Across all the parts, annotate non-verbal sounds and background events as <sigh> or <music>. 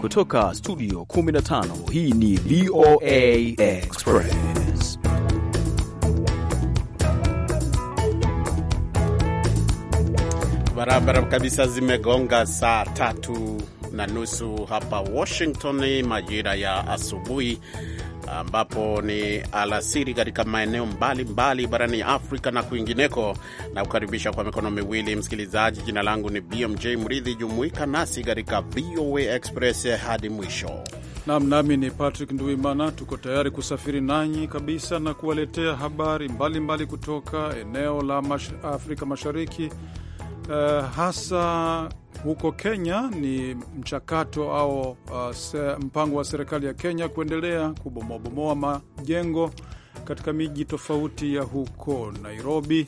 Kutoka studio 15 hii ni VOA Express. Barabara kabisa, zimegonga saa tatu na nusu hapa Washington, majira ya asubuhi ambapo ni alasiri katika maeneo mbalimbali barani Afrika na kwingineko. Na kukaribisha kwa mikono miwili msikilizaji, jina langu ni BMJ Mridhi. Jumuika nasi katika VOA Express hadi mwisho. Nam nami ni Patrick Nduimana. Tuko tayari kusafiri nanyi kabisa na kuwaletea habari mbalimbali mbali kutoka eneo la Afrika Mashariki, uh, hasa huko Kenya ni mchakato au uh, se, mpango wa serikali ya Kenya kuendelea kubomoabomoa majengo katika miji tofauti ya huko Nairobi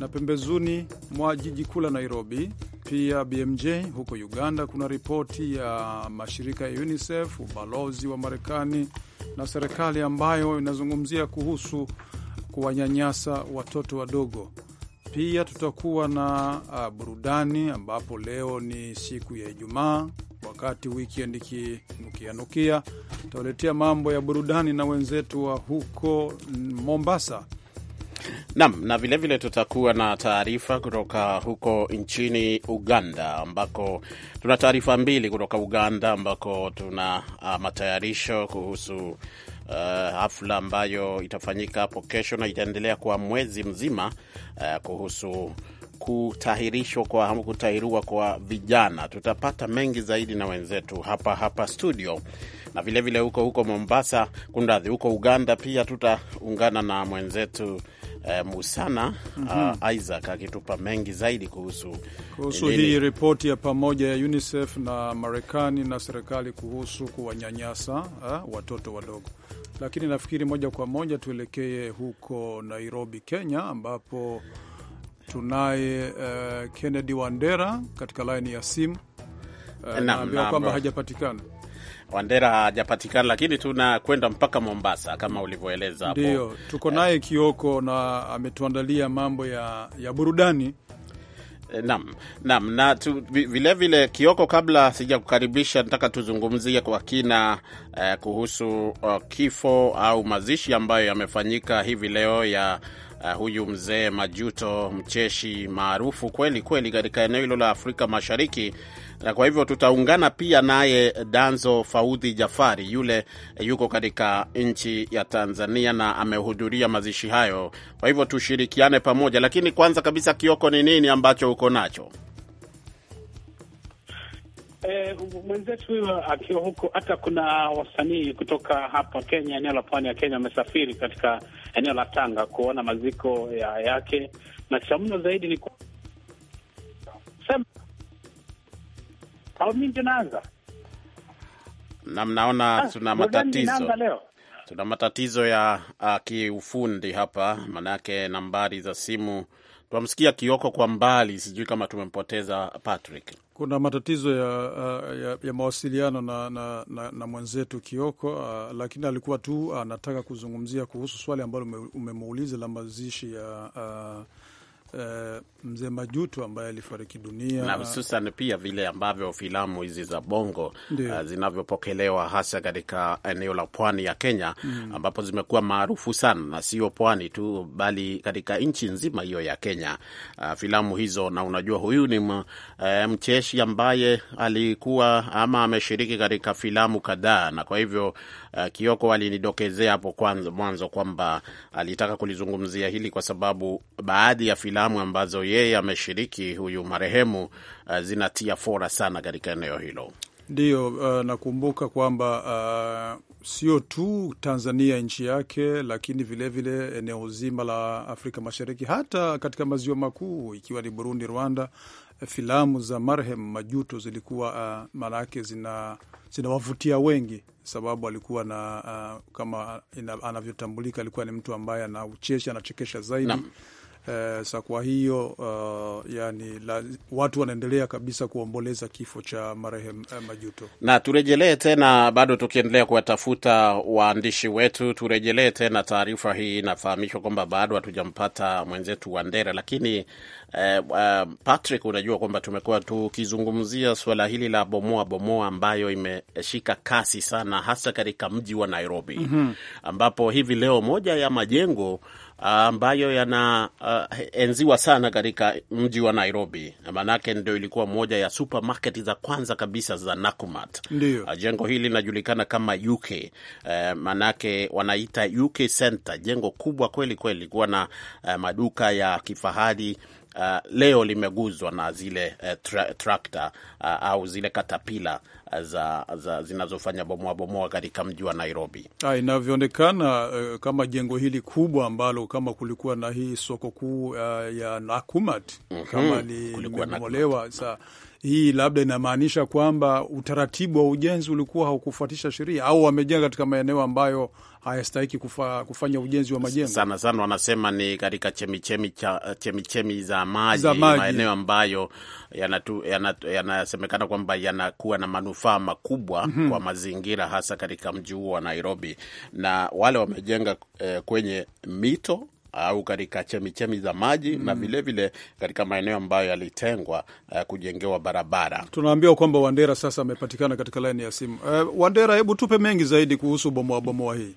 na pembezuni mwa jiji kuu la Nairobi. Pia BMJ huko Uganda kuna ripoti ya mashirika ya UNICEF, ubalozi wa Marekani na serikali ambayo inazungumzia kuhusu kuwanyanyasa watoto wadogo. Pia tutakuwa na uh, burudani ambapo leo ni siku ya Ijumaa, wakati weekend ikinukianukia, tutawaletea mambo ya burudani na wenzetu wa huko Mombasa. Nam na vilevile tutakuwa na taarifa kutoka huko nchini Uganda, ambako tuna taarifa mbili kutoka Uganda, ambako tuna uh, matayarisho kuhusu uh, hafla ambayo itafanyika hapo kesho na itaendelea kwa mwezi mzima Eh, kuhusu kutahirishwa kwa au kutahiriwa kwa vijana. Tutapata mengi zaidi na wenzetu hapa hapa studio, na vilevile vile huko huko Mombasa, kundadhi huko Uganda pia tutaungana na mwenzetu eh, Musana mm -hmm. uh, Isaac akitupa mengi zaidi kuhusu kuhusu eh, hii ripoti ya pamoja ya UNICEF na Marekani na serikali kuhusu kuwanyanyasa eh, watoto wadogo lakini nafikiri moja kwa moja tuelekee huko Nairobi, Kenya, ambapo tunaye uh, Kennedy Wandera katika laini ya simu uh, eh, naambiwa kwamba hajapatikana. Wandera hajapatikana, lakini tunakwenda mpaka Mombasa kama ulivyoeleza hapo. Ndio tuko naye Kioko na ametuandalia mambo ya, ya burudani Eh, naam, naam, na vilevile vile, Kioko, kabla sijakukaribisha, nataka tuzungumzie kwa kina eh, kuhusu uh, kifo au mazishi ambayo yamefanyika hivi leo ya uh, huyu mzee Majuto, mcheshi maarufu kweli kweli katika eneo hilo la Afrika Mashariki, na kwa hivyo tutaungana pia naye Danzo Faudhi Jafari, yule yuko katika nchi ya Tanzania na amehudhuria mazishi hayo. Kwa hivyo tushirikiane pamoja, lakini kwanza kabisa, Kioko, ni nini ambacho uko nacho? Eh, mwenzetu huyo akiwa huko. Hata kuna wasanii kutoka hapa Kenya, eneo la pwani ya Kenya, wamesafiri katika eneo la Tanga kuona maziko ya yake, na cha mno zaidi ni mi ndio naanza na mnaona ah, tuna matatizo tuna matatizo ya uh, kiufundi hapa, manake nambari za simu. Twamsikia Kioko kwa mbali, sijui kama tumempoteza Patrick kuna matatizo ya, uh, ya, ya mawasiliano na, na, na, na mwenzetu Kioko uh, lakini alikuwa tu anataka uh, kuzungumzia kuhusu swali ambalo umemuuliza la mazishi ya uh, Eh, mzee Majuto ambaye alifariki dunia na hususan pia vile ambavyo filamu hizi za bongo uh, zinavyopokelewa hasa katika eneo la pwani ya Kenya mm, ambapo zimekuwa maarufu sana na sio pwani tu bali katika nchi nzima hiyo ya Kenya uh, filamu hizo. Na unajua huyu ni uh, mcheshi ambaye alikuwa ama ameshiriki katika filamu kadhaa, na kwa hivyo uh, Kioko alinidokezea hapo kwanza mwanzo kwamba alitaka kulizungumzia hili kwa sababu baadhi ya filamu ambazo yeye ameshiriki huyu marehemu uh, zinatia fora sana katika eneo hilo. Ndiyo, uh, nakumbuka kwamba uh, sio tu Tanzania nchi yake, lakini vilevile vile eneo zima la Afrika Mashariki, hata katika maziwa makuu ikiwa ni Burundi, Rwanda, filamu za marhem Majuto zilikuwa uh, maanake zina zinawavutia wengi sababu alikuwa na uh, kama anavyotambulika alikuwa ni mtu ambaye anauchesha anachekesha zaidi na. Eh, sa kwa hiyo uh, yani, la, watu wanaendelea kabisa kuomboleza kifo cha marehemu eh, Majuto. Na turejelee tena, bado tukiendelea kuwatafuta waandishi wetu, turejelee tena taarifa hii. Inafahamishwa kwamba bado hatujampata mwenzetu Wandera, lakini eh, eh, Patrick, unajua kwamba tumekuwa tukizungumzia suala hili la bomoa bomoa ambayo imeshika kasi sana hasa katika mji wa Nairobi mm -hmm. ambapo hivi leo moja ya majengo ambayo yanaenziwa uh, sana katika mji wa Nairobi, maanake ndio ilikuwa moja ya supermarket za kwanza kabisa za Nakumat. Ndio uh, jengo hili linajulikana kama UK, uh, maanake wanaita UK Center, jengo kubwa kweli kweli, likuwa na uh, maduka ya kifahari. Uh, leo limeguzwa na zile uh, tra tractor uh, au zile katapila za, za zinazofanya bomoa bomoa katika mji wa Nairobi. Ah, inavyoonekana uh, kama jengo hili kubwa ambalo kama kulikuwa na hii soko kuu uh, ya Nakumat mm -hmm. kama limebomolewa sa hii labda inamaanisha kwamba utaratibu wa ujenzi ulikuwa haukufuatisha sheria au wamejenga katika maeneo ambayo hayastahiki kufa, kufanya ujenzi wa majengo. Sana sana wanasema ni katika chemichemi eh, chemi chemi za maji, maeneo ambayo yanasemekana yana, yana kwamba yanakuwa na manufaa manufaa makubwa mm -hmm. kwa mazingira hasa katika mji huo wa Nairobi, na wale wamejenga eh, kwenye mito au katika chemichemi za maji mm. na vilevile mhm. katika maeneo ambayo yalitengwa uh, kujengewa barabara. Tunaambiwa kwamba Wandera sasa amepatikana katika laini ya simu. Uh, Wandera, hebu tupe mengi zaidi kuhusu bomoa bomoa hii.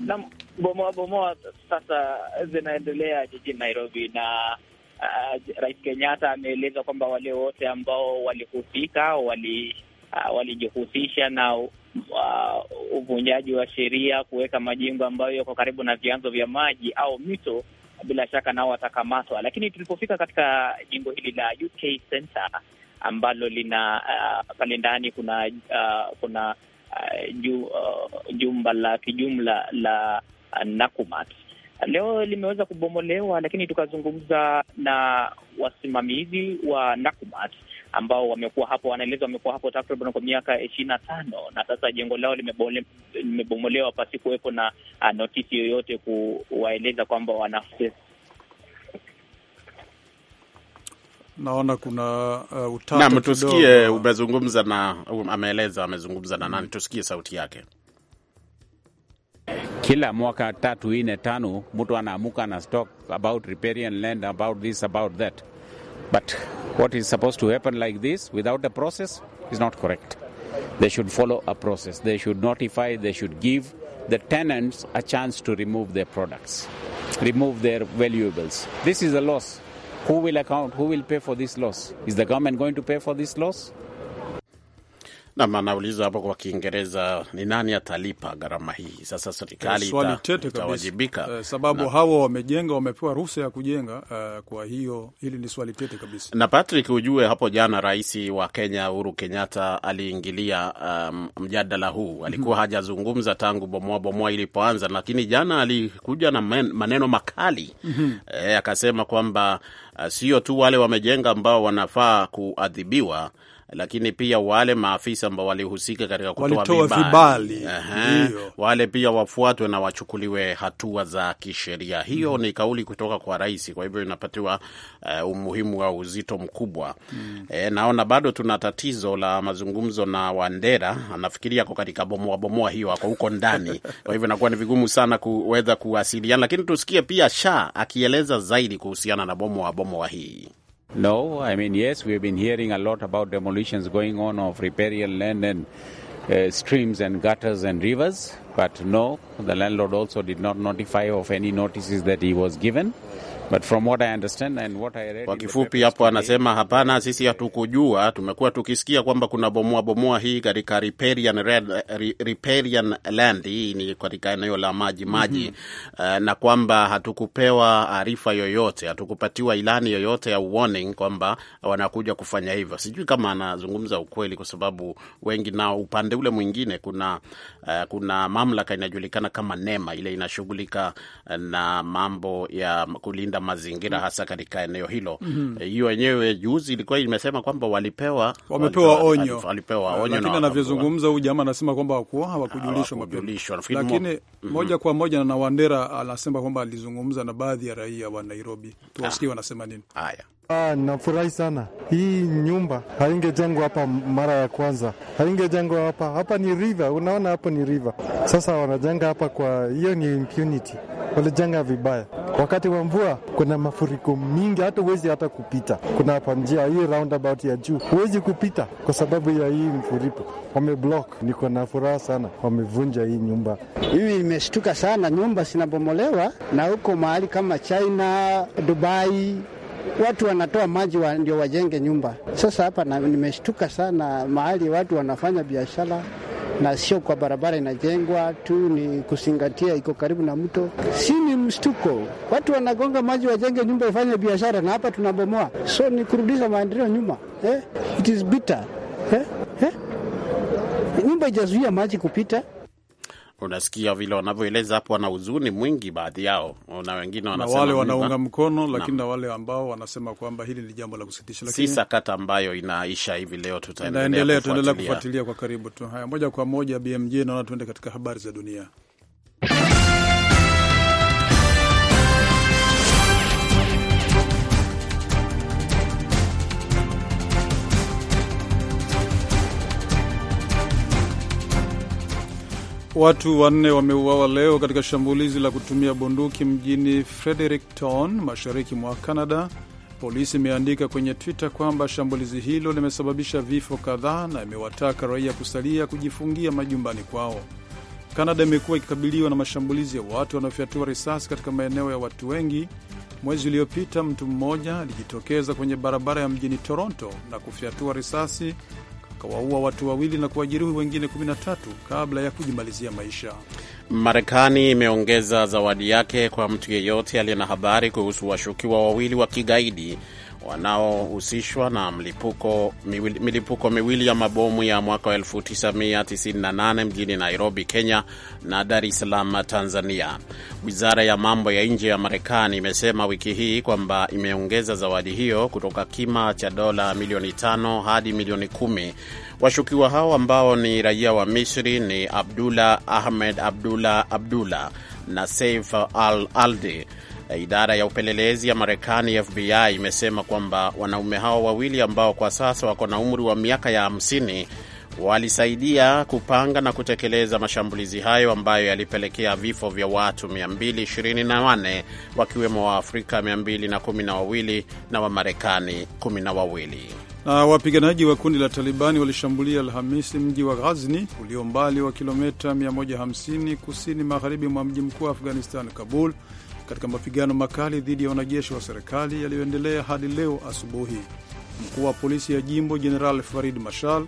Naam, bomoa bomoa sasa zinaendelea jijini Nairobi na uh, Rais Kenyatta ameeleza kwamba wale wote ambao walihusika wali uh, walijihusisha na uh, uvunjaji wa sheria kuweka majimbo ambayo yako karibu na vyanzo vya maji au mito, bila shaka nao watakamatwa. Lakini tulipofika katika jimbo hili la UK Center ambalo lina uh, pale ndani kuna uh, kuna uh, ju, uh, jumba la kijumla la uh, Nakumatt leo limeweza kubomolewa, lakini tukazungumza na wasimamizi wa Nakumat ambao wamekuwa hapo, wanaeleza wamekuwa hapo takriban kwa miaka ishirini na tano na sasa jengo lao limebomolewa pasi kuwepo na uh, notisi yoyote kuwaeleza kwamba wana naona kuna uh, utata. tusikie. Umezungumza na, um, ameeleza amezungumza na nani? Tusikie sauti yake. Kila mwaka tatu, ine, tano, mtu anaamuka ana stock about riparian land, about this, about that. But what is supposed to happen like this without a process is not correct. They should follow a process. They should notify, they should give the tenants a chance to remove their products, remove their valuables. This is a loss. Who will account? Who will pay for this loss? Is the government going to pay for this loss? Nam anauliza hapo kwa Kiingereza, ni nani atalipa gharama hii? Sasa serikali eh, itawajibika, uh, sababu na, hawa wamejenga, wamepewa ruhusa ya kujenga uh, kwa hiyo hili ni swali tete kabisa. Na Patrick, ujue hapo jana rais wa Kenya Uhuru Kenyatta aliingilia um, mjadala huu, mhm. alikuwa mm -hmm. hajazungumza tangu bomoa bomoa ilipoanza, lakini jana alikuja na men, maneno makali mm -hmm. e, akasema kwamba uh, sio tu wale wamejenga ambao wanafaa kuadhibiwa lakini pia wale maafisa ambao walihusika katika kutoa vibali uh -huh. wale pia wafuatwe na wachukuliwe hatua za kisheria. Hiyo mm. ni kauli kutoka kwa rais, kwa hivyo inapatiwa uh, umuhimu wa uzito mkubwa mm. E, naona bado tuna tatizo la mazungumzo na Wandera, anafikiria ako katika bomoa bomoa hiyo, ako huko ndani <laughs> kwa hivyo inakuwa ni vigumu sana kuweza kuwasiliana, lakini tusikie pia Sha akieleza zaidi kuhusiana na bomoa bomoa hii. No, I mean, yes, we've been hearing a lot about demolitions going on of riparian land and uh, streams and gutters and rivers, but no, the landlord also did not notify of any notices that he was given. Kwa kifupi hapo anasema hapana, sisi hatukujua, tumekuwa tukisikia kwamba kuna bomoa bomoa hii katika riparian, riparian land, hii ni katika eneo la maji maji mm -hmm. uh, na kwamba hatukupewa arifa yoyote, hatukupatiwa ilani yoyote ya warning kwamba wanakuja kufanya hivyo. Sijui kama anazungumza ukweli, kwa sababu wengi na upande ule mwingine kuna, uh, kuna mamlaka inajulikana kama NEMA ile inashughulika eh, na mambo ya kulinda kulinda mazingira hasa katika eneo hilo. Mhm. Eh, hiyo wenyewe juzi ilikuwa imesema kwamba walipewa wamepewa onyo, walipewa onyo, lakini anavyozungumza huyu jamaa anasema kwamba hawakujulishwa mapema, lakini moja mhm. kwa moja na Wandera anasema kwamba alizungumza na baadhi ya raia wa Nairobi. Tuwasikie wanasema nini. Haya. Ah, nafurahi sana. Hii nyumba haingejengwa hapa mara ya kwanza, haingejengwa hapa. Hapa ni river, unaona hapo ni river. Sasa wanajenga hapa, kwa hiyo ni impunity, walijenga vibaya. Wakati wa mvua kuna mafuriko mingi, hata huwezi hata kupita. Kuna hapa njia hii roundabout ya juu huwezi kupita kwa sababu ya hii mfuriko, wameblock. Niko na furaha sana, wamevunja hii nyumba. Mimi imeshtuka sana, nyumba zinabomolewa na huko mahali kama China, Dubai watu wanatoa maji wa, ndio wajenge nyumba. Sasa hapa nimeshtuka sana, mahali watu wanafanya biashara na sio kwa barabara inajengwa tu, ni kusingatia iko karibu na mto. Si ni mshtuko, watu wanagonga maji wajenge nyumba ifanye biashara, na hapa tunabomoa. So ni kurudisha maendeleo nyuma eh? It is bitter eh? Eh? Nyumba ijazuia maji kupita unasikia vile wanavyoeleza hapo, wana huzuni mwingi baadhi yao, na wengine wanasema wale wanaunga mkono, lakini na wale ambao wanasema kwamba hili ni jambo la kusitisha, lakini si sakata ambayo inaisha hivi leo. Tutaendelea kufuatilia kwa karibu tu. Haya, moja kwa moja BMJ, naona tuende katika habari za dunia. Watu wanne wameuawa leo katika shambulizi la kutumia bunduki mjini Fredericton, mashariki mwa Canada. Polisi imeandika kwenye Twitter kwamba shambulizi hilo limesababisha vifo kadhaa na imewataka raia kusalia kujifungia majumbani kwao. Kanada imekuwa ikikabiliwa na mashambulizi ya watu wanaofyatua risasi katika maeneo ya watu wengi. Mwezi uliopita mtu mmoja alijitokeza kwenye barabara ya mjini Toronto na kufyatua risasi akawaua watu wawili na kuwajeruhi wengine 13 kabla ya kujimalizia maisha. Marekani imeongeza zawadi yake kwa mtu yeyote aliye na habari kuhusu washukiwa wawili wa kigaidi wanaohusishwa na mlipuko miwili, milipuko miwili ya mabomu ya mwaka 1998 mjini Nairobi, Kenya na Dar es Salaam, Tanzania. Wizara ya mambo ya nje ya Marekani imesema wiki hii kwamba imeongeza zawadi hiyo kutoka kima cha dola milioni tano hadi milioni kumi. Washukiwa hao ambao ni raia wa Misri ni Abdullah Ahmed Abdullah Abdullah na Saif Al Aldi Eh, idara ya upelelezi ya Marekani, FBI, imesema kwamba wanaume hao wawili ambao kwa sasa wako na umri wa miaka ya 50 walisaidia kupanga na kutekeleza mashambulizi hayo ambayo yalipelekea vifo vya watu 224 wakiwemo Waafrika 212 na Wamarekani 12. Na wapiganaji wa kundi la Talibani walishambulia Alhamisi mji wa Ghazni ulio mbali wa kilomita 150 kusini magharibi mwa mji mkuu wa Afghanistan, Kabul katika mapigano makali dhidi ya wanajeshi wa serikali yaliyoendelea hadi leo asubuhi. Mkuu wa polisi ya jimbo Jeneral Farid Mashal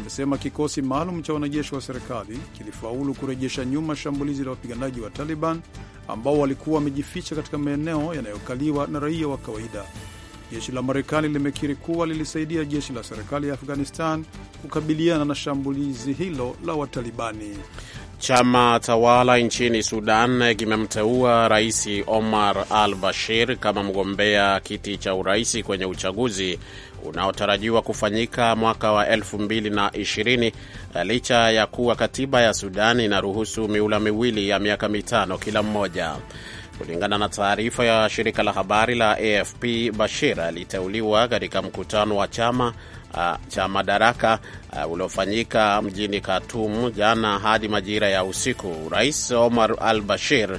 amesema kikosi maalum cha wanajeshi wa serikali kilifaulu kurejesha nyuma shambulizi la wapiganaji wa Taliban ambao walikuwa wamejificha katika maeneo yanayokaliwa na raia wa kawaida. Jeshi la Marekani limekiri kuwa lilisaidia jeshi la serikali ya Afghanistan kukabiliana na shambulizi hilo la Watalibani. Chama tawala nchini Sudan kimemteua Rais Omar al Bashir kama mgombea kiti cha urais kwenye uchaguzi unaotarajiwa kufanyika mwaka wa 2020 licha ya kuwa katiba ya Sudan inaruhusu miula miwili ya miaka mitano kila mmoja. Kulingana na taarifa ya shirika la habari la AFP, Bashir aliteuliwa katika mkutano wa chama uh, cha madaraka uh, uliofanyika mjini Khartoum jana hadi majira ya usiku. Rais Omar al-Bashir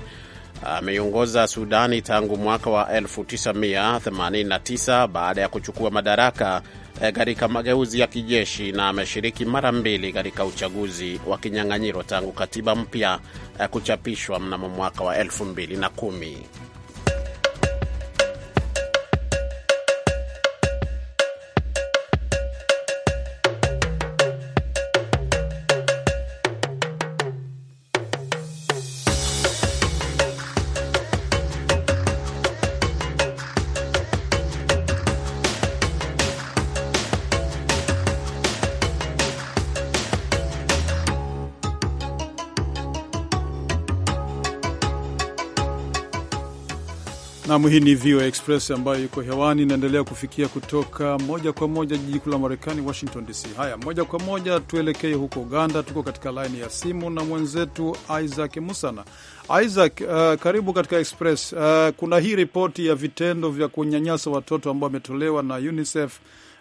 ameiongoza Sudani tangu mwaka wa 1989 baada ya kuchukua madaraka Eh, katika mageuzi ya kijeshi na ameshiriki mara mbili katika uchaguzi wa kinyang'anyiro tangu katiba mpya eh, kuchapishwa mnamo mwaka wa 2010. Nam, hii ni VOA Express ambayo iko hewani, inaendelea kufikia kutoka moja kwa moja jiji kuu la Marekani, Washington DC. Haya, moja kwa moja tuelekee huko Uganda. Tuko katika laini ya simu na mwenzetu Isaac Musana. Isaac, uh, karibu katika Express. Uh, kuna hii ripoti ya vitendo vya kunyanyasa watoto ambao wametolewa na UNICEF,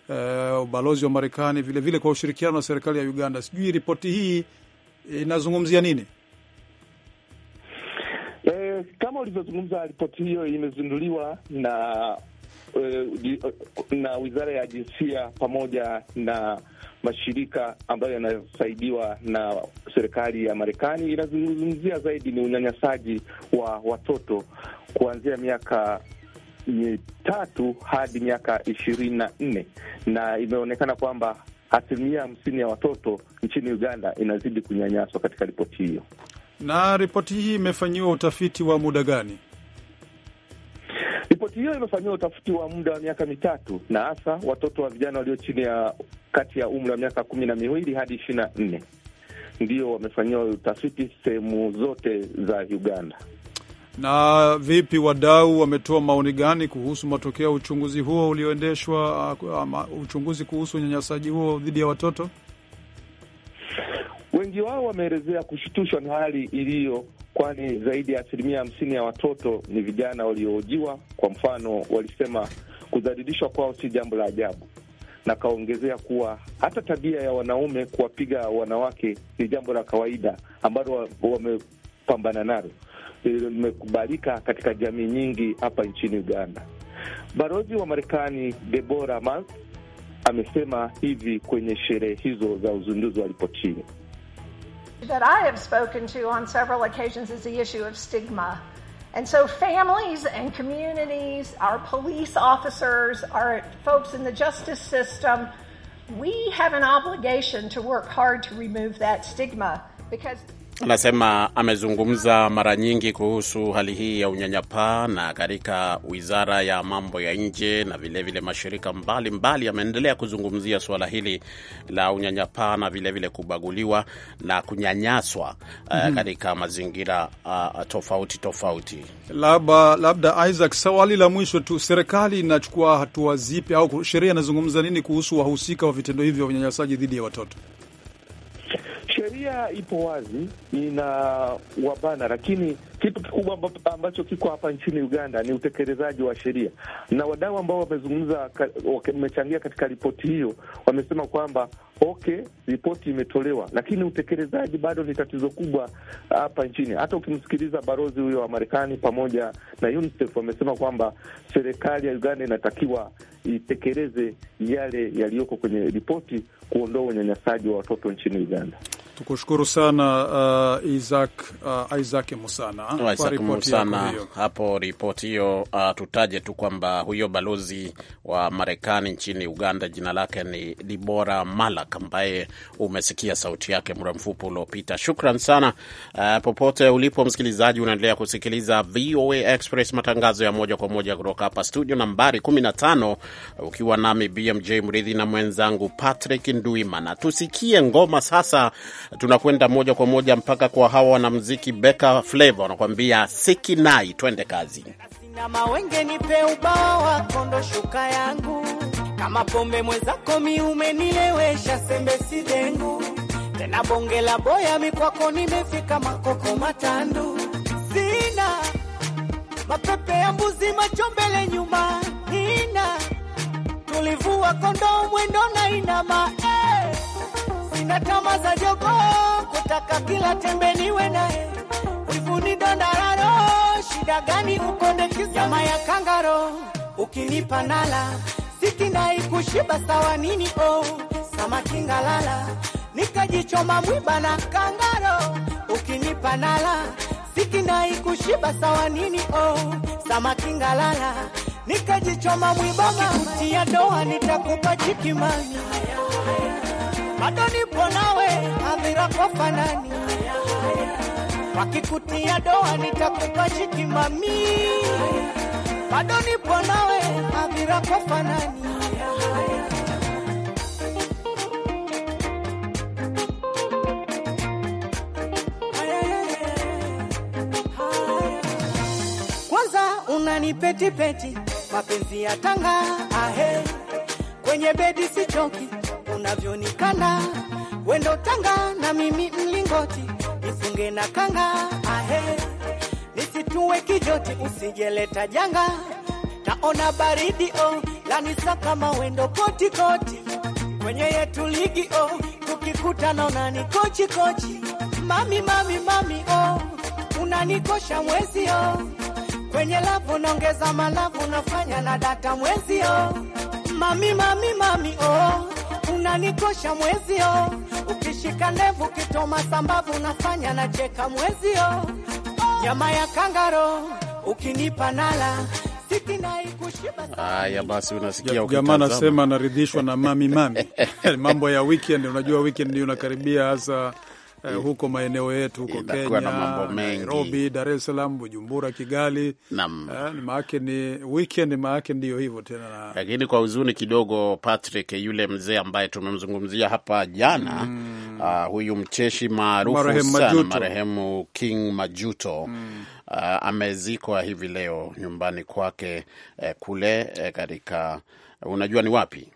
uh, ubalozi wa Marekani vilevile kwa ushirikiano na serikali ya Uganda. Sijui ripoti hii inazungumzia nini? kama ulivyozungumza, ripoti hiyo imezinduliwa na eh, na Wizara ya Jinsia pamoja na mashirika ambayo yanasaidiwa na serikali ya Marekani. Inazungumzia zaidi ni unyanyasaji wa watoto kuanzia miaka mitatu hadi miaka ishirini na nne na imeonekana kwamba asilimia hamsini ya watoto nchini Uganda inazidi kunyanyaswa katika ripoti hiyo. Na ripoti hii imefanyiwa utafiti wa muda gani? Ripoti hiyo imefanyiwa utafiti wa muda wa miaka mitatu na hasa watoto wa vijana walio chini ya kati ya umri wa miaka kumi na miwili hadi ishirini na nne ndio wamefanyiwa utafiti sehemu zote za Uganda. Na vipi, wadau wametoa maoni gani kuhusu matokeo ya uchunguzi huo ulioendeshwa, uchunguzi kuhusu unyanyasaji huo dhidi ya watoto? Wengi wao wameelezea kushtushwa na hali iliyo, kwani zaidi ya asilimia hamsini ya watoto ni vijana waliohojiwa. Kwa mfano, walisema kudhalilishwa kwao si jambo la ajabu, na kaongezea kuwa hata tabia ya wanaume kuwapiga wanawake ni jambo la kawaida ambalo wamepambana nalo, limekubalika katika jamii nyingi hapa nchini Uganda. Balozi wa Marekani Debora Mark amesema hivi kwenye sherehe hizo za uzinduzi wa ripoti that I have spoken to on several occasions is the issue of stigma. And so families and communities, our police officers, our folks in the justice system, we have an obligation to work hard to remove that stigma because anasema amezungumza mara nyingi kuhusu hali hii ya unyanyapaa, na katika wizara ya mambo ya nje na vilevile vile mashirika mbalimbali ameendelea kuzungumzia suala hili la unyanyapaa na vilevile vile kubaguliwa na kunyanyaswa mm -hmm. uh, katika mazingira uh, tofauti tofauti. Labda, labda Isaac, swali la mwisho tu, serikali inachukua hatua zipi au sheria inazungumza nini kuhusu wahusika wa vitendo hivyo vya unyanyasaji dhidi ya watoto? sheria ipo wazi, ina wabana, lakini kitu kikubwa ambacho kiko hapa nchini Uganda ni utekelezaji wa sheria, na wadau ambao wamezungumza, wamechangia katika ripoti hiyo, wamesema kwamba okay, ripoti imetolewa, lakini utekelezaji bado ni tatizo kubwa hapa nchini. Hata ukimsikiliza balozi huyo wa Marekani pamoja na UNICEF wamesema kwamba serikali ya Uganda inatakiwa itekeleze yale yaliyoko kwenye ripoti kuondoa unyanyasaji wa watoto nchini Uganda. Tukushukuru sana uh, Isaac, uh, Isaac Musana, Isaac Musana hapo ripoti hiyo. Uh, tutaje tu kwamba huyo balozi wa Marekani nchini Uganda jina lake ni Dibora Malak ambaye umesikia sauti yake muda mfupi uliopita. Shukran sana uh, popote ulipo msikilizaji, unaendelea kusikiliza VOA Express, matangazo ya moja kwa moja kutoka hapa studio nambari 15 ukiwa nami BMJ Mridhi na mwenzangu Patrick Nduimana. Tusikie ngoma sasa, tunakwenda moja kwa moja mpaka kwa hawa wanamziki Beka Flavo wanakuambia Sikinai. Twende kazi na mawenge nipe ubawa kondo shuka yangu kama pombe mwenzako miume nilewesha sembe sidengu tena bonge la boya mikwako nimefika makoko matandu sina mapepe ya mbuzi machombele nyuma ina Ulivua kondoo mwendo na inama, eh. Sina tama za jogoo kutaka kila tembe niwe naye. Wivu ni dondararo, shida gani ukonde kisa? ya kangaro ukinipa nala, sikina ikushiba sawa nini? Oh, samaki ngalala nikajichoma mwiba na kangaro ukinipa nala, sikina ikushiba sawa nini? Oh, samaki ngalala nikajichoma mwibama kutia doa, nitakupa chikimani, bado nipo nawe hadhira kwa fanani, wakikutia doa, nitakupa chikimami, bado nipo nawe hadhira kwa fanani. Kwanza unanipetipeti mapenzi ya tanga ahe, kwenye bedi sichoki, unavyonikanda wendo tanga na mimi mlingoti, nifunge na kanga ahe, nisitue kijoti, usijeleta janga, taona baridi oh, lanisa kama wendo koti koti, kwenye yetu ligi oh, tukikutana unani kochi kochi, mami mami mami oh, unanikosha mwezi oh kwenye lavu naongeza malavu, nafanya na data mwezio. Mami, mami, mami, oh, unanikosha mwezio. Ukishika ndevu kitoma sambavu, nafanya na cheka mwezio. Nyama ya kangaro ukinipa nala Haya basi, unasikia jamaa anasema anaridhishwa na mami mami. <laughs> Mambo ya weekend, unajua weekend ndio inakaribia hasa eh, huko maeneo yetu huko Kenya, na mambo eh, mengi. Nairobi, Dar es Salaam, Bujumbura, Kigali. Naam, eh, maake ni weekend, maake ndiyo hivyo tena. Lakini kwa huzuni kidogo, Patrick, yule mzee ambaye tumemzungumzia hapa jana mm. uh, huyu mcheshi maarufu sana marehemu King Majuto mm. uh, amezikwa hivi leo nyumbani kwake eh, kule eh, katika unajua ni wapi?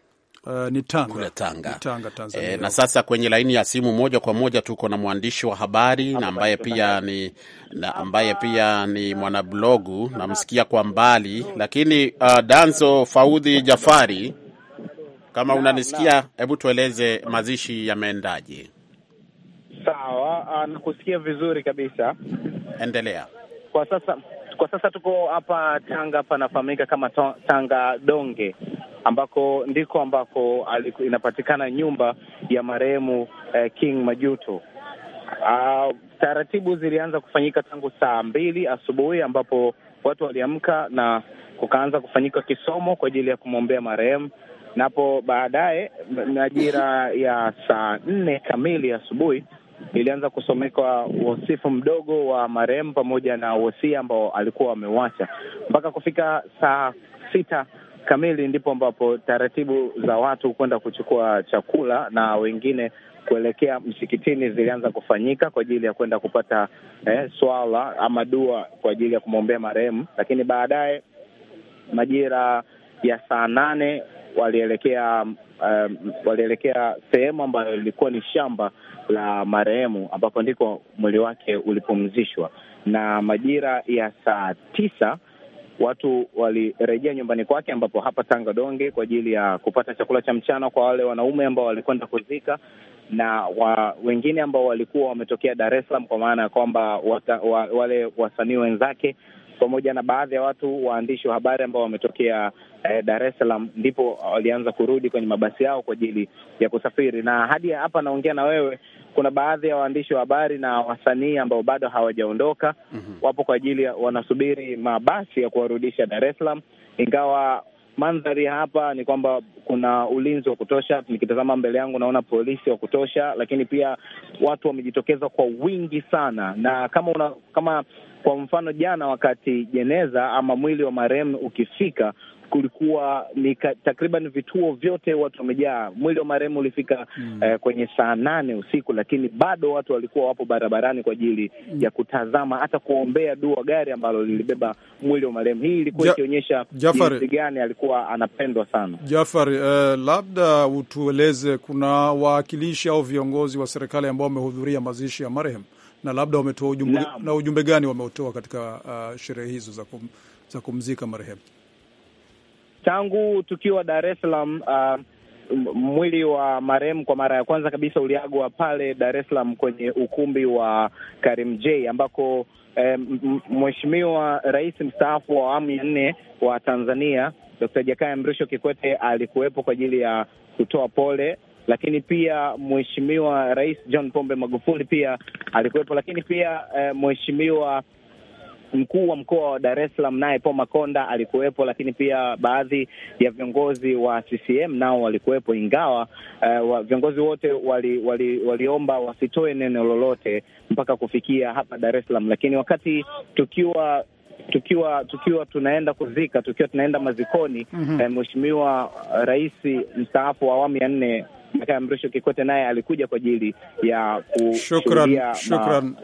Uh, ni Tanga, kule Tanga, ni Tanga Tanzania. E, na sasa kwenye laini ya simu moja kwa moja tuko na mwandishi wa habari na ambaye pia ni na ambaye pia ni mwanablogu, namsikia kwa mbali lakini, uh, eh, Danso Faudhi Jafari, kama unanisikia, hebu tueleze mazishi yameendaje? Sawa, ah, nakusikia vizuri kabisa, endelea. Kwa sasa kwa sasa tuko hapa Tanga, panafahamika kama Tanga Donge, ambako ndiko ambako aliku, inapatikana nyumba ya marehemu eh, King Majuto. Uh, taratibu zilianza kufanyika tangu saa mbili asubuhi ambapo watu waliamka na kukaanza kufanyika kisomo kwa ajili ya kumwombea marehemu, napo baadaye majira ya saa nne kamili asubuhi ilianza kusomeka wasifu mdogo wa marehemu pamoja na wosia ambao alikuwa wamewacha mpaka kufika saa sita kamili ndipo ambapo taratibu za watu kwenda kuchukua chakula na wengine kuelekea msikitini zilianza kufanyika kwa ajili ya kwenda kupata eh, swala ama dua kwa ajili ya kumwombea marehemu. Lakini baadaye majira ya saa nane walielekea um, walielekea sehemu ambayo ilikuwa ni shamba la marehemu, ambapo ndiko mwili wake ulipumzishwa, na majira ya saa tisa watu walirejea nyumbani kwake, ambapo hapa Tanga Donge, kwa ajili ya kupata chakula cha mchana kwa wale wanaume ambao walikwenda kuzika na wa, wengine ambao walikuwa wametokea Dar es Salaam, kwa maana ya kwamba wale wasanii wenzake pamoja na baadhi ya watu waandishi wa habari ambao wametokea eh, Dar es Salaam, ndipo walianza kurudi kwenye mabasi yao kwa ajili ya kusafiri. Na hadi hapa naongea na wewe, kuna baadhi ya waandishi wa habari na wasanii ambao bado hawajaondoka, mm -hmm. wapo kwa ajili wanasubiri mabasi ya kuwarudisha Dar es Salaam, ingawa mandhari hapa ni kwamba kuna ulinzi wa kutosha. Nikitazama mbele yangu, naona polisi wa kutosha, lakini pia watu wamejitokeza kwa wingi sana, na kama una, kama kwa mfano jana wakati jeneza ama mwili wa marehemu ukifika kulikuwa ni takriban vituo vyote watu wamejaa. Mwili wa marehemu ulifika mm. eh, kwenye saa nane usiku, lakini bado watu walikuwa wapo barabarani kwa ajili mm. ya kutazama hata kuombea dua gari ambalo lilibeba mwili wa marehemu. Hii ilikuwa ikionyesha jinsi gani alikuwa anapendwa sana Jafar. Eh, labda utueleze, kuna wawakilishi au viongozi wa serikali ambao wamehudhuria mazishi ya marehemu na labda wametoa ujumbe na ujumbe gani wameutoa katika uh, sherehe hizo za, kum, za kumzika marehemu? tangu tukiwa Dar es Salaam uh, mwili wa marehemu kwa mara ya kwanza kabisa uliagwa pale Dar es Salaam kwenye ukumbi wa Karimjee ambako eh, mheshimiwa rais mstaafu wa awamu ya nne wa Tanzania Dr. Jakaya Mrisho Kikwete alikuwepo kwa ajili ya kutoa pole, lakini pia mheshimiwa rais John Pombe Magufuli pia alikuwepo, lakini pia eh, mheshimiwa mkuu wa mkoa wa Dar es Salaam naye Paul Makonda alikuwepo, lakini pia baadhi ya viongozi wa CCM nao walikuwepo, ingawa uh, wa, viongozi wote wali, wali, waliomba wasitoe neno lolote mpaka kufikia hapa Dar es Salaam, lakini wakati tukiwa tukiwa tukiwa tunaenda kuzika tukiwa tunaenda mazikoni mm -hmm. Eh, Mheshimiwa Rais mstaafu wa awamu ya nne Jakaya Mrisho Kikwete naye alikuja kwa ajili ya ku shukran, shukran,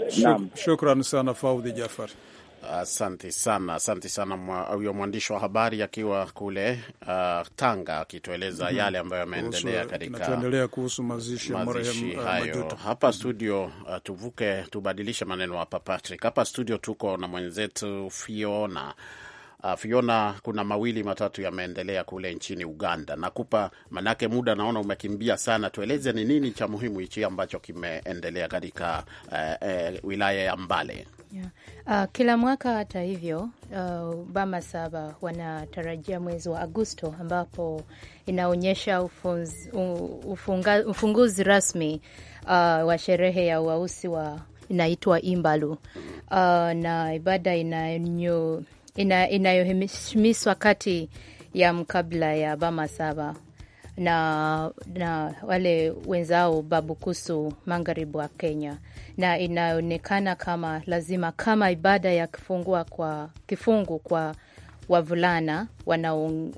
shukran sana Faudhi Jafar. Asante sana, asante sana huyo mwandishi wa habari akiwa kule uh, Tanga akitueleza mm -hmm. yale ambayo yameendelea uh, katika kuhusu mazishi uh, hayo. Hapa studio uh, tuvuke tubadilishe maneno hapa, Patrick. Hapa studio tuko na mwenzetu Fiona. Uh, Fiona, kuna mawili matatu yameendelea kule nchini Uganda. Nakupa manake, muda naona umekimbia sana, tueleze ni nini cha muhimu hichi ambacho kimeendelea katika uh, uh, wilaya ya Mbale. Yeah. Uh, kila mwaka hata hivyo uh, Bamasaba wanatarajia mwezi wa Agosto ambapo inaonyesha ufunguzi rasmi uh, wa sherehe ya wausi wa inaitwa Imbalu uh, na ibada inayohimishwa ina, kati ya mkabla ya Bamasaba na, na wale wenzao Babukusu magharibi wa Kenya, na inaonekana kama lazima kama ibada ya kifungua kwa kifungu kwa wavulana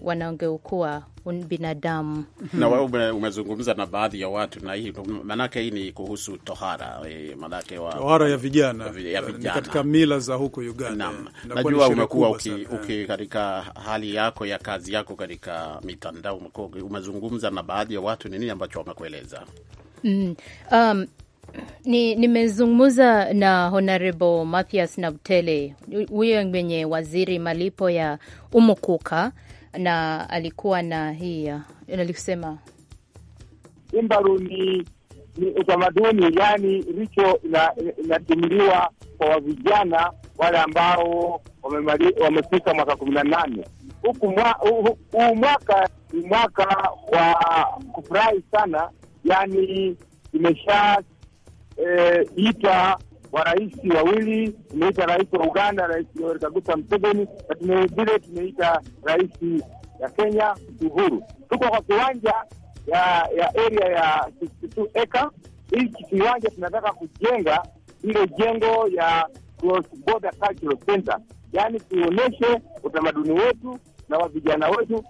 wanaongeukua binadamu mm-hmm. na wewe umezungumza na baadhi ya watu, na hii maanake hii ni kuhusu tohara, eh, maanake wa tohara ya vijana, ya vijana. Katika mila za huko Uganda najua umekuwa uki, uki katika hali yako ya kazi yako katika mitandao umezungumza na baadhi ya watu, ni nini ambacho wamekueleza? Mm, um, Nimezungumza na Honorable Mathias Nabtele, huyo mwenye waziri malipo ya Umukuka, na alikuwa na hii alisema imbaru ni, ni utamaduni yani richo inatumiwa kwa vijana wale ambao wamefika mwaka kumi na nane huku huu mwaka ni mwaka wa kufurahi sana, yani imesha E, ita wa rais wawili, tumeita rais wa Uganda, Rais Yoweri Kaguta Museveni, na tumevile tumeita rais ya Kenya Uhuru. Tuko kwa kiwanja ya ya area ya 62 eka. Hiki kiwanja tunataka kujenga ile jengo ya Cross Border Cultural Center, yaani tuonyeshe utamaduni wetu na wa vijana wetu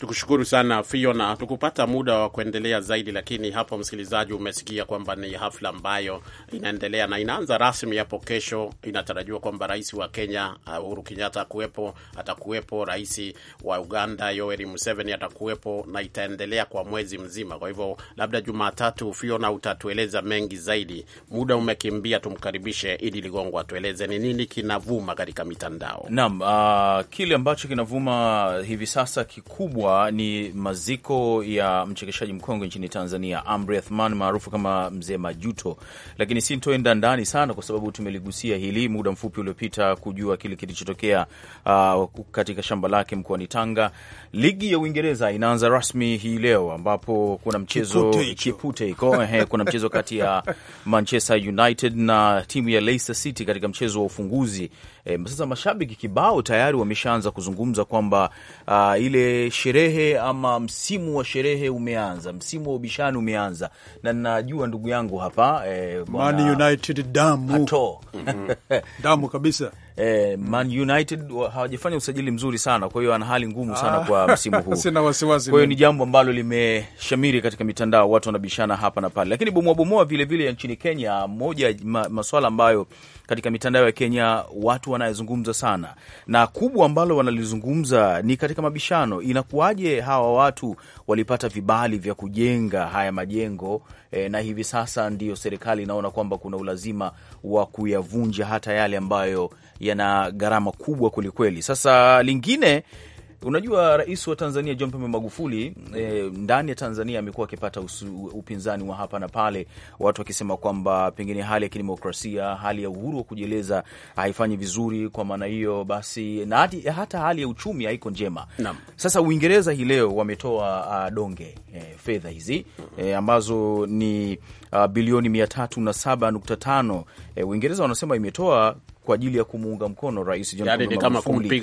Tukushukuru sana Fiona. Tukupata muda wa kuendelea zaidi, lakini hapo, msikilizaji, umesikia kwamba ni hafla ambayo inaendelea na inaanza rasmi hapo kesho. Inatarajiwa kwamba rais wa Kenya uh, Uhuru Kenyatta akuwepo, atakuwepo rais wa Uganda Yoweri Museveni atakuwepo, na itaendelea kwa mwezi mzima. Kwa hivyo, labda Jumatatu, Fiona, utatueleza mengi zaidi. Muda umekimbia, tumkaribishe Idi Ligongo atueleze ni nini kinavuma katika mitandao. Naam, uh, kile ambacho kinavuma hivi sasa kikubwa kuwa ni maziko ya mchekeshaji mkongwe nchini Tanzania, Amri Athman maarufu kama Mzee Majuto, lakini sintoenda ndani sana kwa sababu tumeligusia hili muda mfupi uliopita kujua kile kilichotokea uh, katika shamba lake mkoani Tanga. Ligi ya Uingereza inaanza rasmi hii leo ambapo kuna mchezo kipute iko kuna mchezo kati ya Manchester United na timu ya Leicester City katika mchezo wa ufunguzi. E, sasa mashabiki kibao tayari wameshaanza kuzungumza kwamba uh, ile sherehe sherehe ama msimu wa sherehe umeanza, msimu wa ubishani umeanza, na najua ndugu yangu hapa eh, Man United damu. <laughs> Damu kabisa eh, Man United hawajafanya usajili mzuri sana, kwa hiyo ana hali ngumu sana ah, kwa <laughs> msimu huu sina wasiwasi. Kwa hiyo ni jambo ambalo limeshamiri katika mitandao, watu wanabishana hapa na pale, lakini bomoa bomoa vilevile ya nchini Kenya. Moja ya ma, maswala ambayo katika mitandao ya Kenya watu wanayezungumza sana na kubwa ambalo wanalizungumza ni katika mabishano, inakuwaje hawa watu walipata vibali vya kujenga haya majengo eh, na hivi sasa ndiyo serikali inaona kwamba kuna ulazima wa kuyavunja hata yale ambayo yana gharama kubwa kwelikweli. Sasa lingine Unajua, rais wa Tanzania John Pombe Magufuli e, ndani ya Tanzania amekuwa akipata upinzani wa hapa na pale, watu wakisema kwamba pengine hali ya kidemokrasia, hali ya uhuru wa kujieleza haifanyi vizuri, kwa maana hiyo basi na hati, hata hali ya uchumi haiko njema Nam. Sasa Uingereza hii leo wametoa uh, donge e, fedha hizi e, ambazo ni uh, bilioni mia tatu na e, Uingereza wanasema imetoa kwa ajili ya kumuunga mkono Rais John yaani Pombe Magufuli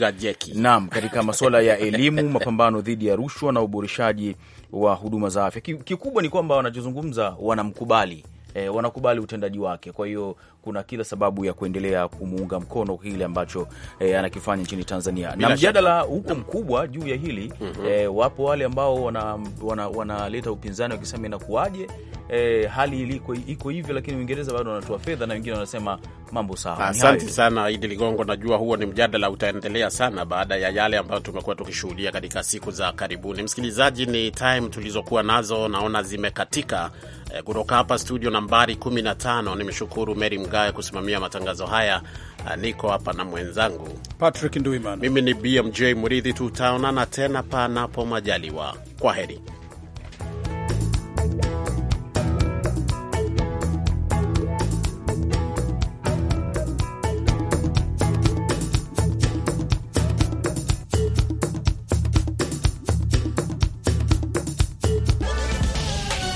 naam, katika <laughs> masuala ya elimu, mapambano dhidi ya rushwa na uboreshaji wa huduma za afya. Kikubwa ni kwamba wanachozungumza wanamkubali e, wanakubali utendaji wake. Kwa hiyo kuna kila sababu ya kuendelea kumuunga mkono kile ambacho e, anakifanya nchini Tanzania Bila na mjadala huko mkubwa juu ya hili mm -hmm. E, wapo wale ambao wanaleta wana, wana upinzani wakisema inakuwaje, e, hali iliko iko hivyo, lakini Uingereza bado wanatoa fedha na wengine wanasema mambo sawa. Asante sana Idi Ligongo, najua huo ni mjadala utaendelea sana baada ya yale ambayo tumekuwa tukishuhudia katika siku za karibuni. Msikilizaji, ni time tulizokuwa nazo naona zimekatika, Eh, kutoka hapa studio nambari 15 nimshukuru Meri Mgawe kusimamia matangazo haya. Ah, niko hapa na mwenzangu Patrick Nduimana. Mimi ni BMJ Murithi, tutaonana tena panapo majaliwa. Kwa heri.